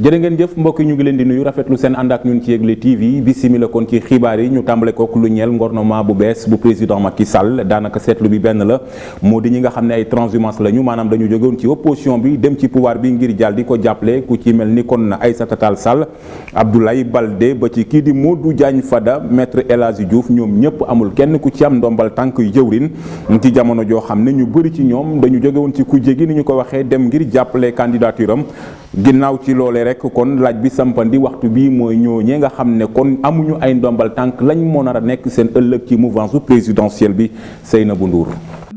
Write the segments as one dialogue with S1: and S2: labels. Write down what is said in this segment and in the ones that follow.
S1: jërë ngeen jëf mbokk yi ñu ngi leen di nuyu rafetlu seen ànd ak ñun ci Yegle TV bisimila kon ci xibaar yi ñu tàmbale kook lu ñeel ngornement bu bees bu président Macky Sall daanaka seetlu bi benn la moo di ñi nga xam ne ay transhumance la ñu maanaam dañu jógewoon ci opposition bi dem ci pouvoir bi ngir jàll di ko jàppale ku ci mel ni kon ay Aïssata Tall Sall bal de ba ci kii di du jàñ Fada maître El Hadji Diouf ñoom ñëpp amul kenn ku ci am ndombal tànk jëwrin ci jamono joo xam ne ñu bëri ci ñoom dañu jógewoon ci kujje gi ni ñu ko waxee dem ngir jàppale candidature am rek kon laaj bi sampan di waxtu bi mooy ñëw ñooñee nga xam ne kon amuñu ay ndombal tànk lañ moo nar a nekk seen ëllëg ci mouvance bu présidentielle bi Seynabou Ndour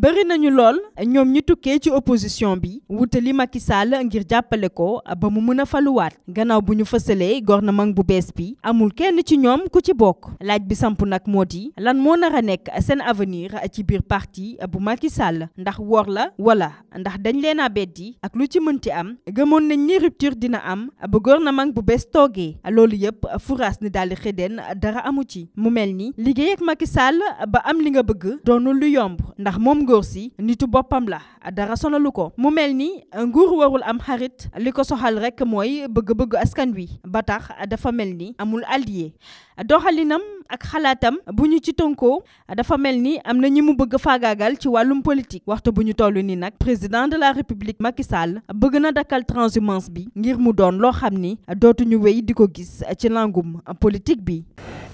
S2: bëri nañu lool ñoom ñi tukkee ci opposition bi wutali Macky Sall ngir jàppale ko ba mu mën a faluwaat gannaaw bu ñu fësalee gouvernement bu bees bi amul kenn ci ñoom ku ci bokk laaj bi samp nag moo di lan moo nar a nekk seen avenir ci biir parti bu Macky Sall ndax wor la wala ndax dañ leen a beddi ak lu ci mënti am gëmoon nañ ni rupture dina am ba gouvernement bu bees toogee loolu yëpp furaas ni daal di xëddeen dara amu ci mu mel ni liggéey ak Macky Sall am li nga bëgg góor si nitu boppam la dara sonalu ko mu mel ni nguur warul am xarit li ko soxal rek mooy bëgg-bëgg askan wi ba tax dafa mel ni amul allié doxalinam ak xalaatam bu ñu ci tënkoo dafa mel ni am na ñi mu bëgg faagaagal ci wàllum politique waxtu bu ñu toll ni nag président de la république Macky Sall bëgg na dakkal transhumance bi ngir mu doon loo xam ni dootuñu wéy di ko gis ci langum politique bi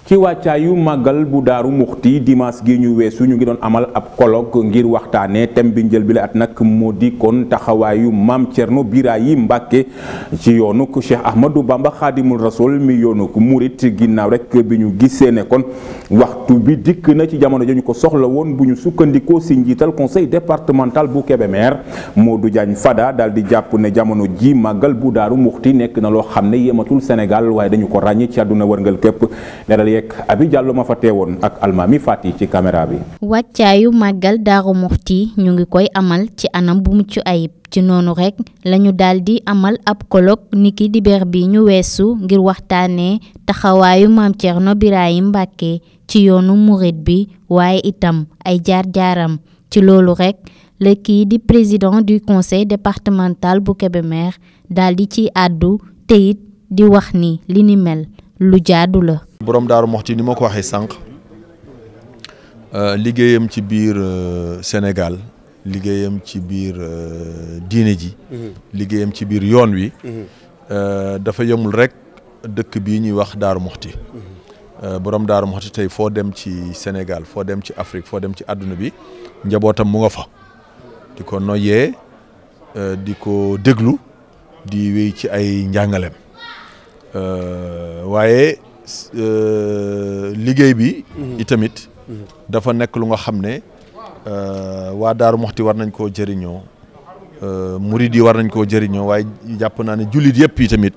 S1: ci yu magal bu daru muxti dimas gi ñu wessu ñu ngi don amal ab colloque ngir waxtane tem bi njël bi la at nak modi kon kon mam cierno Cerno yi mbacke ci ko Cheikh Ahmadou Bamba khadimul Rasul mi ko murit ginnaw rek biñu ñu ne kon waxtu bi dik na ci jamono jëñu ko soxla won buñu sukkandiko sukkandikoo conseil départemental bu Modou Fada dal di japp ne jamono ji magal bu daru muxti nek na lo xamne ne yematul senegal way dañu ko ragne ci aduna wërngal képp yeeg Abi Diallo ma fa teewoon ak Almami Fati ci caméra bi.
S3: wàccaayu màggal Daaru Muxti ñu ngi koy amal ci anam bu mucc ayib. ci noonu rekk lañu daal di amal ab colloque niki dibeer bi ñu weesu ngir waxtaanee taxawaayu maam Thierno Birahim mbàkke ci yoonu murit bi waaye itam ay jaar-jaaram ci loolu rekk la yi di président du conseil départemental bu Kébémer daldi ci àddu te di wax ni li ni mel. lu jaadu la.
S4: borom Daaru Moxti ni ma ko waxee sànq euh, liggéeyam ci biir euh, Sénégal liggéeyam ci biir euh, diine ji. Mhm. liggéeyam ci biir yoon wi. Mhm. dafa yemul rek dëkk bi ñuy wax Daaru Moxti. Mhm. borom Daaru Moxti tey foo dem ci Sénégal foo dem ci Afrique foo dem ci àdduna bi njabootam mu nga fa di ko noyyee di ko déglu di wéy ci ay njàngaleem. Euh, waaye euh, liggéey bi. Mhm. itamit mhm. dafa nekk lu nga xam ne euh, waa Daaru Moxti war nañ koo jëriñoo murid di war nañ koo jëriñoo waaye jàpp naa ne jullit yëpp yi tamit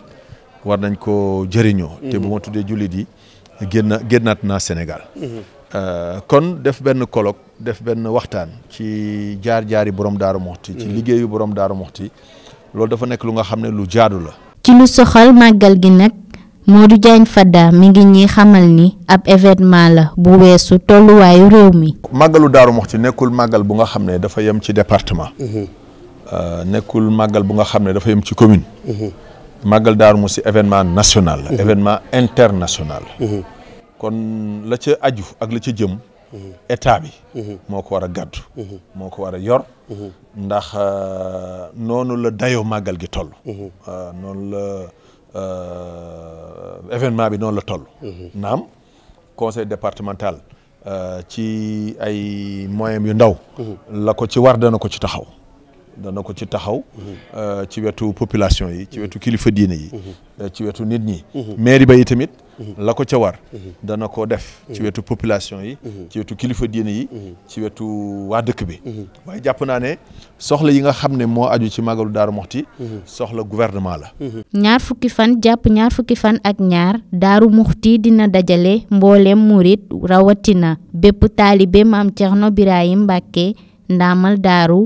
S4: war nañ koo jëriñoo. te bu ma mhm. tuddee jullit yi génn génnaat naa Sénégal. kon def benn colloque def benn waxtaan ci jaar jaari borom Daaru Moxti. ci liggéeyu borom Daaru Moxti loolu dafa nekk lu nga xam ne lu jaadu la.
S3: ci lu soxal màggal gi nag Modou Diagne Fada mi ngi ñuy xamal ni ab événement la bu weesu tolluwaayu réew mi.
S4: màggalu Daaru Muxti nekkul màggal bu nga xam ne dafa yem ci département. Mhm. Euh, nekkul màggal bu nga xam ne dafa yem ci commune. Mhm. màggal Daaru Muxti événement national la. Mhm. événement international la. kon la ci aju ak la ci jëm. Mm-hmm. état bi mm-hmm. moo ko war a gàddu mm-hmm. moo ko war a yor ndax euh, noonu la dayoo màggal gi toll euh, noonu la euh, événement bi noonu la toll naam conseil départemental ci ay moyens yu ndaw la ko ci war dana ko ci taxaw dana ko ci taxaw euh, ci wetu population yi ci wetu kilifa diine yi mhm. euh, ci wetu nit ñi mhm. mairie ba yi tamit mhm. la ko ca war dana ko def ci wetu population yi ci wetu kilifa diine yi ci wetu waa dëkk bi waaye jàpp naa ne soxla yi nga xam ne moo aju ci màggalu Daaru Muxti soxla gouvernement la
S3: ñaar fukki fan jàpp ñaar fukki fan ak ñaar Daaru Muxti dina dajale mboolem murit rawatina bépp taalibe Maam Cerno Birahim Mbàkke ndaamal daaru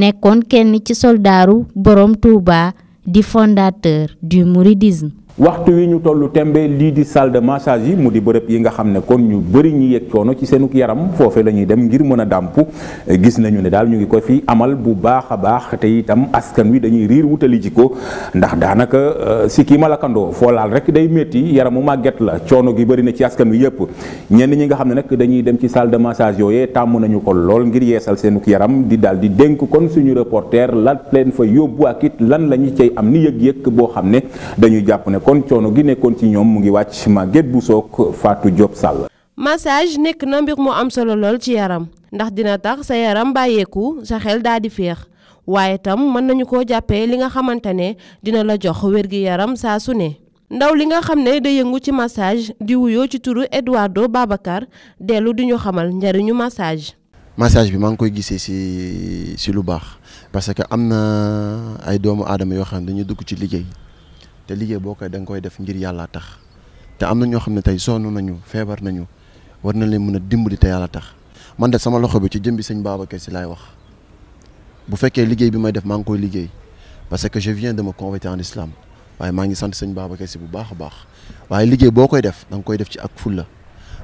S3: nekkoon kenn ci soldaaru borom Touba di fondateur du mouridisme
S1: waxtu wi ñu tollu tembe lii di sald de massage yi mu di bërëb yi nga xam ne kon ñu bëri ñu yëg coono ci seenuk yaram foofe la ñuy dem ngir mën a dàmpu gis nañu ne daal ñu ngi ko fii amal bu baax a baax te itam askan wi dañuy riir wutali ji ko ndax daanaka euh, si kii malakandoo foo laal rek day métti yaramu màgget la coono gi bëri na ci askan wi yëpp ñenn ñi nga xam ne nag dañuy dem ci salle de massage yooyee tàmm nañu ko lool ngir yeesal seenuk yaram di daal di dénk kon suñu reporter la leen fa yóbbu ak it lan la ñu cay am ni yëg-yëg boo xam ne dañuy jàpp ne kon coono gi nekkoon ci ñoom mu ngi wàcc bu soo Fatou Diop Sall.
S2: massage nekk na mbir mu am solo lool ci yaram ndax dina tax sa yaram bàyyeeku sa xel daal di féex waaye tam mën nañu koo jàppee li nga xamante ne dina la jox wér-gi-yaram saa su ne. ndaw li nga xam ne da yëngu ci massage di wuyoo ci turu Eduardo Babacar dellu di ñu xamal njëriñu massage.
S5: massage bi maa ngi koy gisee si si lu baax parce que am na ay doomu aadama yoo xam ne dañuy dugg ci liggéey. te liggéey boo koy da nga koy def ngir yàlla tax te am na ñoo xam ne tey sonn nañu feebar nañu war na leen mën a dimbali te yàlla tax man de sama loxo bi ci jëm sañ sëñ Babacar Si laay wax bu fekkee liggéey bi may def maa ngi koy liggéey parce que je viens de me convertir en waaye maa ngi sant sëñ Babacar Si bu baax a baax waaye liggéey boo koy def da nga koy def ci ak fulla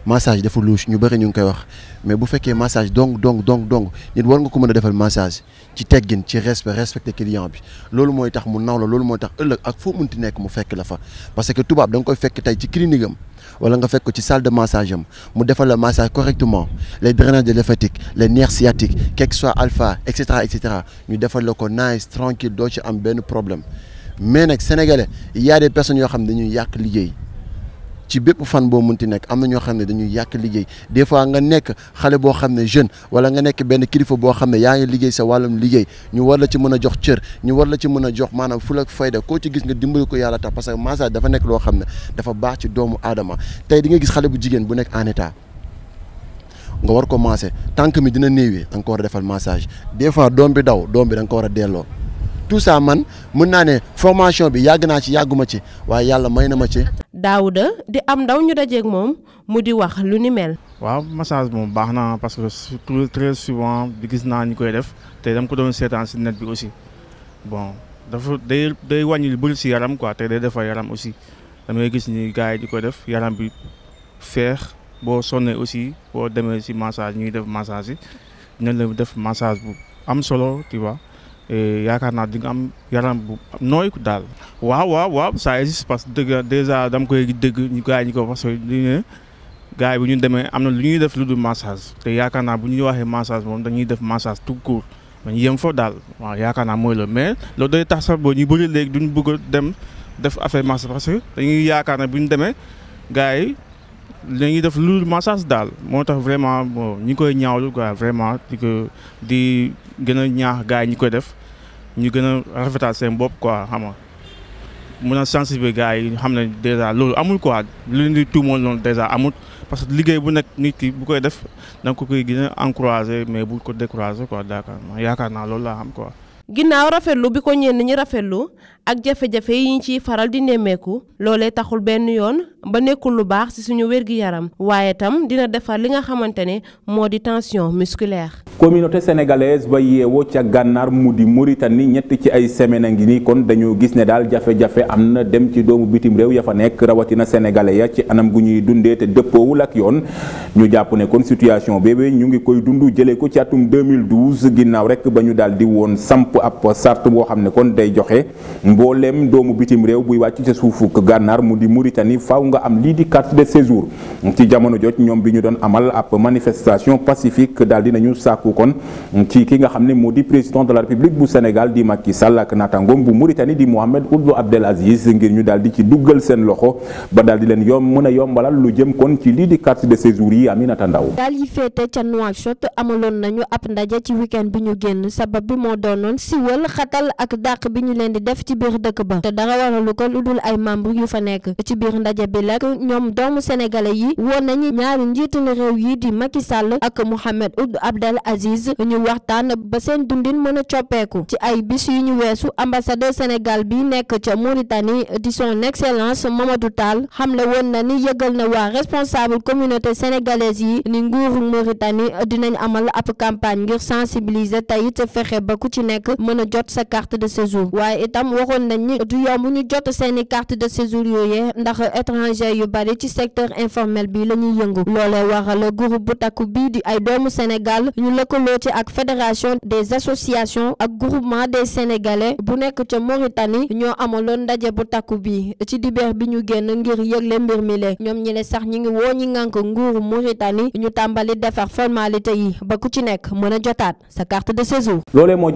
S5: massage dafa louche ñu bari ñu ngi koy wax mais bu fekkee massage dong dong dong dong nit war nga ko mën a defal massage ci teggin ci respect respecter client bi loolu mooy tax mu naw la loolu mooy tax ëllëg ak foo munti nekk mu fekk la fa parce que tubaab da nga koy fekk tey ci clinique am wala nga fekk ko ci salle de massage am mu defal la massage correctement les drainages de lymphatique les nerfs sciatiques quel que soit alpha et cetera et cetera ñu defal la ko nice tranquille doo ci am benn problème mais nag sénégalais y a des personnes yoo xam ne dañuy yàq liggéey ci bépp fan boo munti nekk am na ñoo xam ne dañuy yàq liggéey des fois nga nekk xale boo xam ne jeune wala nga nekk benn kilifa boo xam ne yaa ngi liggéey sa wàllum liggéey ñu war la ci mën a jox cër ñu war la ci mën a jox maanaam fulak fayda koo ci gis nga dimbali ko yàlla tax parce que massage dafa nekk loo xam ne dafa baax ci doomu aadama tey di nga gis xale bu jigéen bu nekk en état nga war ko maase tànk mi dina néewee da nga ko war a defal massage des fois doom bi daw doom bi da nga war a delloo tout ça man mën naa ne formation bi yàgg naa ci yàgguma ci waaye yàlla may na ma ci.
S2: Daouda di am ndaw ñu dajeeg moom mu di wax lu ni mel.
S5: waaw massage moom baax naa parce que surtout
S6: très souvent bi gis naa ñu koy def te dam ko doon seetaan si net bi aussi bon dafa day day wàññi lu si yaram quoi te day yaram aussi da gis ni gars yi di koy def yaram bi feex boo sonnee aussi boo demee si massage ñuy def massage yi dinañ la def massage bu am solo tu vois. Eh, yaakaar naa di nga am yaram bu nooy daal. waaw waaw waaw ça existe parce que dëgg déjà dama koy dëgg ñu gars ñu ko parce que ñu ne gars yi bu ñu demee am na lu ñuy def lu dul massage te yaakaar naa bu ñu waxee massage moom dañuy def massage tout court dañuy yem foofu daal waaw yaakaar naa mooy loolu mais loolu day tax sax boo ñu bëri léegi duñ bëgg a dem def affaire massage parce que dañuy yaakaar ne bu ñu demee gars yi. dañuy def lu massage daal moo tax vraiment bon ñi koy ñaawlu quoi vraiment di ko di gën a ñaax gars yi ñu koy def ñu gën a rafetal seen bopp quoi xam nga mën a sensibiliser gars yi xam ne dèjà loolu amul quoi lu leen di tuumal noonu dèjà amul parce que liggéey bu nekk nit ki bu koy def da ko koy gën encroiser mais bu ko découragé quoi daakaar yaakaar naa loolu laa xam quoi.
S2: ginnaaw rafetlu bi ko ñenn ñi rafetlu ak jafe-jafe yi ñu ciy faral di nemmeeku loolee taxul benn yoon ba nekkul lu baax ci suñu wér-gi-yaram waaye tam dina defar li nga xamante ne moo di tension musculaire.
S1: communauté sénégalaise ba yeewoo ca gànnaar mu di Mauritanie ñett ci ay semaine a ngi nii kon dañoo gis ne daal jafe-jafe am na dem ci doomu bitim réew ya fa nekk rawatina sénégalais ya ci anam gu ñuy dundee te dëppoowul ak yoon ñu jàpp ne kon situation bébé ñu ngi koy dund jëlee ko ci atum 2012 ginnaaw rek ba ñu daal di woon samp ab sart boo xam ne kon day joxe. mbooleem doomu bitim réew buy wàcc ca suufu gànnaar mu di Mauritanie faaw nga am lii di carte de séjour ci jamono joj ñoom bi ñu doon amal ab manifestation pacifique daal dinañu sàkku kon ci ki nga xam ne moo di président de la république bu Sénégal di Macky Sall ak naataangoom bu Mauritanie di Mohamed Ould Abdel Aziz ngir ñu daal di ci duggal seen loxo ba daal di leen yom mën a yombalal lu jëm kon ci lii di carte de séjour yi Aminata Ndaw
S7: daal yi féete biir dëkk ba te dara waralu ko lu dul ay membre yu fa nekk ci biir ndaje bi lak ñoom doomu sénégalais yi woon nañu ñaari njiital réew yi di Macky Sall ak Mohamed Ould Abdel Aziz ñu waxtaan ba seen dundin mën a coppeeku ci ay bis yu ñu weesu ambassadeur Sénégal bi nekk ca Mauritanie di son excellence Mamadou Tall xamle woon na ni yëgal na waa responsable communauté sénégalaise yi ni nguuru Mauritanie dinañ amal ab campagne ngir sensibiliser tey it fexe ba ku ci nekk mën a jot sa carte de séjour waxoon nañ ni du yomb ñu jot seen i carte de séjour yooyu ndax étranger yu bari ci secteur informel bi la ñuy yëngu loolee waral groupe bu takku bii di ay doomu Sénégal ñu lëkkaloo ci ak fédération des associations ak groupement des sénégalais bu nekk ca Mauritanie ñoo amaloon ndaje bu takku bi ci dibeer bi ñu génn ngir yëgle mbir mi le ñoom ñi le sax ñi ngi woo ñi ngànk nguuru Mauritanie ñu tàmbali defar formalité yi ba ku ci nekk mën a jotaat sa carte de séjour.
S1: loolee moo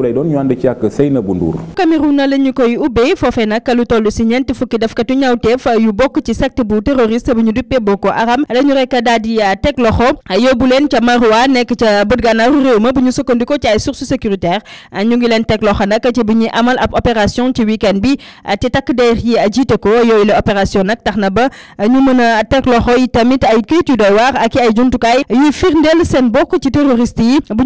S1: xew lay doon ñu ànd ci ak Seynabou Ndour
S2: Cameroun la ñu koy ubbee foofee nag lu toll si ñeenti fukki defkatu ñaawteef yu bokk ci secte bu terroriste bu ñu duppee Boko Haram lañu rek daal ah, teg loxo yóbbu leen ca Maroua nekk ca bët gànnaaru réew ma bu ñu sukkandikoo ci ay sources sécuritaires ah, ñu ngi leen teg loxo nag ci bi ñuy amal ab opération ci week bi ci ah, takk der yi jiite ko yooyu la opération nag tax na ba ñu mën a teg loxo yi tamit ay kayit yu doy waar ak yi bu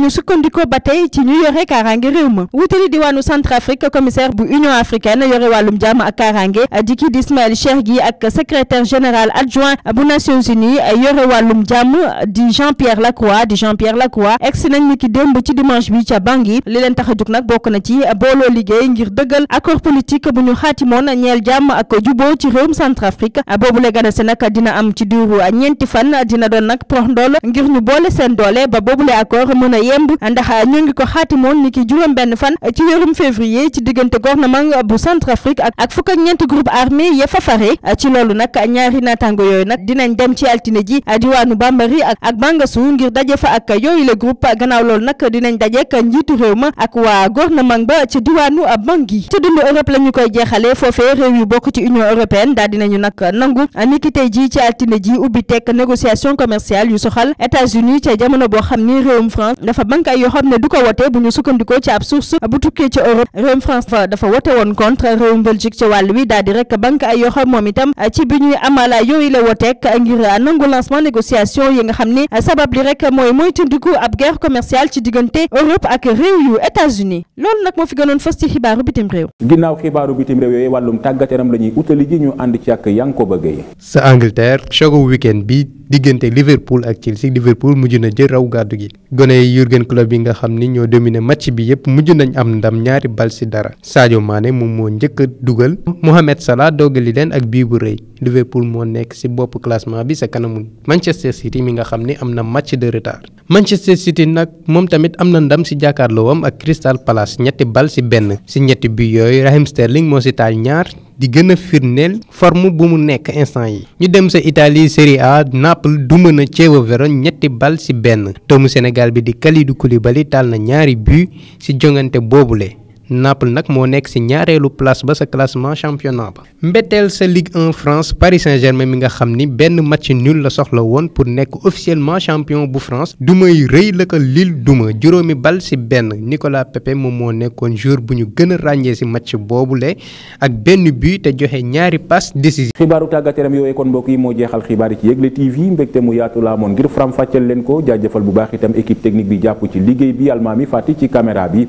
S2: ñu réew ma wutali diwaanu Centrafrique commissaire bu Union africaine yore wàllum jàmm ak kaaraange di kii di Ismaël ak secrétaire général adjoint bu Nations Unies yore wàllum jàmm di Jean-Pierre Lacroix di Jean-Pierre Lacroix egsi nañ ni ki démb ci dimanche bi ca Bangui li leen tax a jóg nag bokk na ci booloo liggéey ngir dëggal accord politique bu ñu xaatimoon ñeel jàmm ak juboo ci réewum Centrafrique boobu la ganase nag dina am ci diiru ñeenti fan dina doon nag prox ngir ñu boole seen doole ba boobule accord mën a yemb ndax ñu ngi ko xaatimoon ni ki juróom juróom-benn fan ci wéerum février ci diggante gouvernement bu Centrafrique ak ak fukk ak ñeenti groupe armé ya fa fare ci loolu nag ñaari naataango yooyu nag dinañ dem ci altine ji ak waa gouvernement ba ci diwaanu Bangui ci dund Europe la koy jeexale foofee réew yu bokk ci Union européenne daal dinañu nag nangu ni ji ci altine ji ubbi tekk négociation commerciale yu soxal États-Unis ca jamono boo xam ni réewum France dafa bank ay yoo ne du ko wote ab source bu tukkee ca Europe réewum France dafa wote woon contre réewum Belgique ca wàll wi daal di rek banque ay yoxo moom itam ci bi ñuy amala yooyu la woteek ngir nangu lancement négociation yi nga xam ni sabab li rek mooy ndiku ab guerre commercial ci diggante Europe ak réew yu États-Unis
S1: loolu nag moo fi gënoon fës ci xibaaru bitim réew. ginnaaw xibaaru bitim réew yooyu wàllum tàggat yaram la ñuy utali ji ñu ànd ci ak Yankoba Gueye.
S8: sa Angleterre chogu weekend bi. digënté Liverpool ak Chelsea Liverpool mujj na jël raw gaddu gi gone Jurgen Klopp yi nga xamni ni ñoo dominé match bi yépp mujj nañ am ndam ñaari bal ci dara Sadio Mane mu mo ñëk duggal Mohamed Salah dogali len ak bii bu Liverpool mo nekk ci bop classement bi sa kanam Manchester City mi nga xamni amna match de retard Manchester City nak mom tamit amna ndam ci wam ak Crystal Palace ñetti bal ci ben ci ñetti bi yoy Raheem Sterling mo ci taal ñaar di gën a firndeel forme bu mu nekk instant yi ñu dem sa Italie Serie A Naples duma na Chievo Vérone ñetti bal ci benn tomu Sénégal bi di Kalidou Koulibaly taal na ñaari but ci jongante boobule. Naples nak mo nek ci ñaarelu place ba sa classement championnat ba. mbettel sa Ligue 1 France Paris Saint-Germain mi nga xamni ben match nul la soxla won pour nek officiellement champion bu France. dumay reuy la que Lille duma juróomi bal ci Ben Nicolas Pepe mo mo nekkoon jour buñu gëna gën ci match le ak ben but te joxe ñaari
S1: passe décisive. xibaaru tagateram yaram kon mbokk yi moo jeexal xibaar ci Yegle TV mbekté mu yaatu la mon ngir fram fàcceel len ko jaajëfal bu baax itam équipe technique bi jàpp ci liggéey bi almaami fati ci caméra bi.